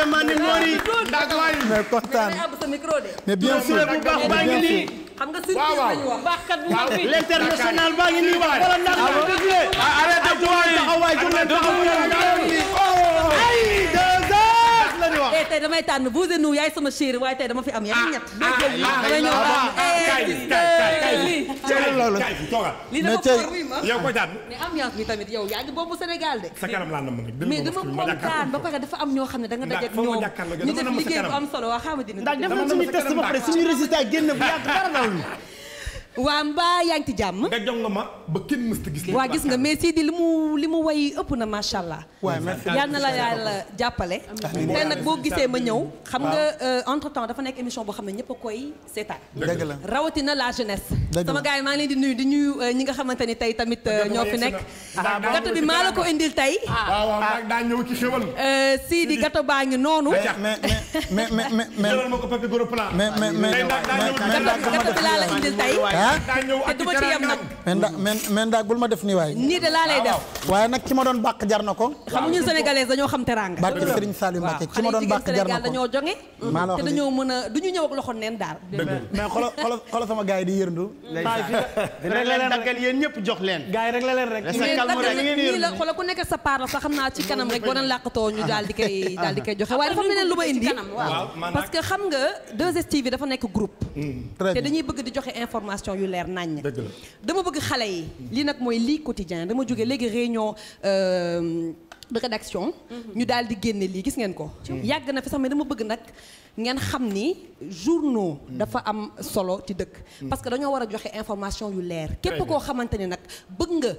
vraiment ni ngoor yi. mais kontaan mais bien sûr bu baax baa ngi nii. xam nga surprise la ñu wax. baaxkat bu mag bi l'international baa ngi nii. wala ndax nga déglee. arrêté taxawaay ju leen taxaw ay deux heures la ñu wax. tey damay tànn vous et nous yaay sama chéri waaye tey dama fi am yenn ñett. ah ah ah ah loolu lii dafa fort nii ma yow ko jàpp mais ambiance bi tamit yaa ngi boobu Sénégal de. sa kanam laa namm nag mais dama kontaan ba dafa am ñoo xam ne da nga dajeeg ñoom ñu def liggéey bu am solo waa xamadina. ndax def nañ suñu test ba pare suñu résultat génn bu yàgg dara waa mbaa yaa ngi ci jàmm. nga ma waa gis nga mais di li mu li mu way ëpp na macha allah. yal na la yàlla jàppale. tey nag boo gisee ma ñëw. xam nga euh, entre temps dafa nekk émission boo xam ne ñëpp a koy seetaan. la rawatina la jeunesse. sama gars yi maa ngi leen di nuyu di nuyu euh, ñi nga xamante ni tey tamit euh, ñoo fi nekk. Ah, gato bi maa la ko indil tey. Ah. Ah, waaw waaw daa ñëw gato baa ngi noonu. mais mais mais mais mais mais ah du ma ci yem nag. mais nda bul ma def nii waay. nii de laa lay def. waaye nag ci ma doon bàq jar na ko. xam nga ñun sénégalais dañoo xam teraanga. barke Serigne Saliou Mbacké ci la wax te dañoo mën a du la leen la la sax xam naa ci kanam rek boo doon làqatoo ñu daal di koy daal di koy joxe waaye dafa mel lu ma indi parce que xam nekk groupe mm. te dañuy bëgg di joxe information information yu leer naññ dama bëgg xale yi li nag mooy lii quotidien dama jóge léegi réunion euh, de rédaction mhm. ñu daal di génne lii gis ngeen ko yàgg na fi sax mais dama bëgg nag ngeen xam ni journaux mhm. dafa am solo ci dëkk mhm. parce que dañoo war a joxe information yu leer képp koo xamante nag bëgg nga